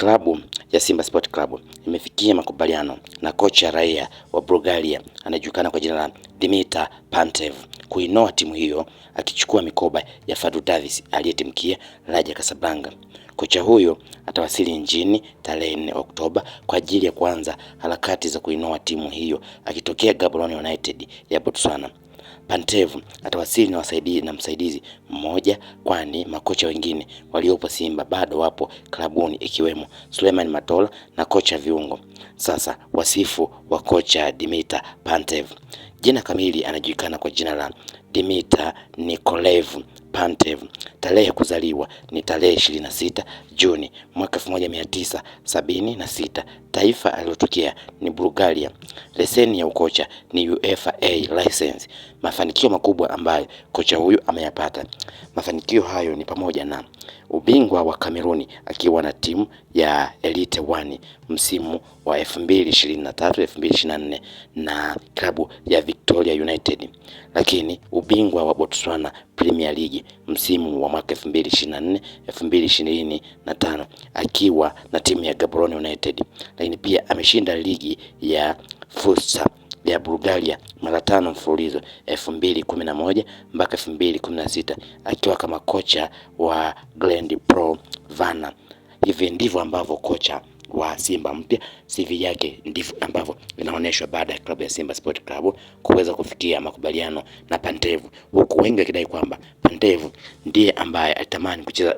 Klabu ya Simba Sport Club imefikia makubaliano na kocha raia wa Bulgaria anayejulikana kwa jina la Dimitar Pantev kuinoa timu hiyo akichukua mikoba ya Fadlu Davis aliyetimkia Raja Casablanca. Kocha huyo atawasili nchini tarehe 4 Oktoba kwa ajili ya kuanza harakati za kuinoa timu hiyo akitokea Gaborone United ya Botswana. Pantev atawasili na wasaidizi na msaidizi mmoja, kwani makocha wengine waliopo Simba bado wapo klabuni ikiwemo Suleiman Matola na kocha viungo. Sasa wasifu wa kocha Dimita Pantev. Jina kamili anajulikana kwa jina la Dimita Nikolev Pantev. Tarehe ya kuzaliwa ni tarehe 26 Juni mwaka na sita Taifa alilotokea ni Bulgaria. Leseni ya ukocha ni UEFA A license. Mafanikio makubwa ambayo kocha huyu ameyapata Mafanikio hayo ni pamoja na ubingwa wa Kameruni akiwa na timu ya Elite One msimu wa 2023 2024 na klabu ya Victoria United, lakini ubingwa wa Botswana Premier League msimu wa mwaka 2024 2025 akiwa na timu ya Gaborone United, lakini pia ameshinda ligi ya Futsal ya Bulgaria mara tano mfululizo 2011 mpaka 2016 akiwa kama kocha wa Grand Pro Vana. Hivi ndivyo ambavyo kocha wa Simba mpya CV yake ndivyo ambavyo inaonyeshwa baada ya klabu ya Simba Sport Club kuweza kufikia makubaliano na Pantevu, huku wengi wakidai kwamba Pantevu ndiye ambaye alitamani kucheza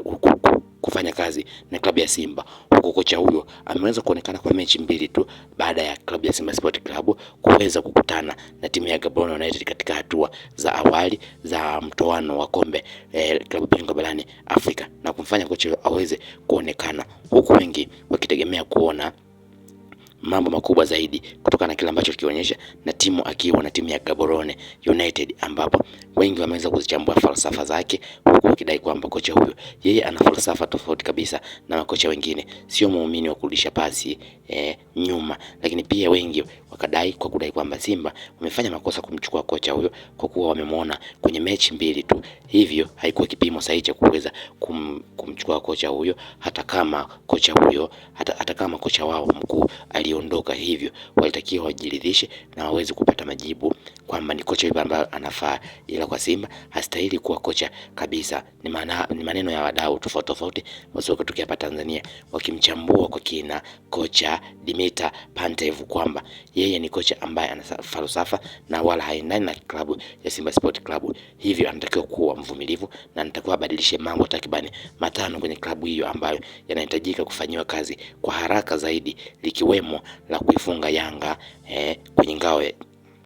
kufanya kazi na klabu ya Simba huku kocha huyo ameweza kuonekana kwa mechi mbili tu baada ya klabu ya Simba Sport Club kuweza kukutana na timu ya Gabon United katika hatua za awali za mtoano wa kombe eh, klabu bingwa barani Afrika na kumfanya kocha huyo aweze kuonekana, huku wengi wakitegemea kuona mambo makubwa zaidi kutokana na kile ambacho kionyesha na timu akiwa na timu ya Gaborone United ambapo wengi wameweza kuzichambua falsafa zake, huku wakidai kwamba kocha huyo yeye ana falsafa tofauti kabisa na makocha wengine, sio muumini wa kurudisha pasi e, nyuma. Lakini pia wengi wakadai kwa kudai kwamba Simba wamefanya makosa kumchukua kocha huyo kwa kuwa wamemwona kwenye mechi mbili tu, hivyo haikuwa kipimo sahihi cha kuweza kum, kumchukua kocha huyo, hata kama kocha huyo hata, hata kama kocha wao mkuu aliondoka, hivyo walitakiwa wajiridhishe na waweze kupata majibu kwamba ni kocha yupi ambaye anafaa ila ila kwa Simba hastahili kuwa kocha kabisa. Ni, mana, ni maneno ya wadau tofauti tofauti wasiokutokea hapa Tanzania wakimchambua kwa kina kocha Dimitar Pantev kwamba yeye ni kocha ambaye ana falsafa na wala haendani na klabu ya Simba Sport Club, hivyo anatakiwa kuwa mvumilivu na anatakiwa abadilishe mambo takribani matano kwenye klabu hiyo ambayo yanahitajika kufanyiwa kazi kwa haraka zaidi likiwemo la kuifunga Yanga eh, kwenye ngao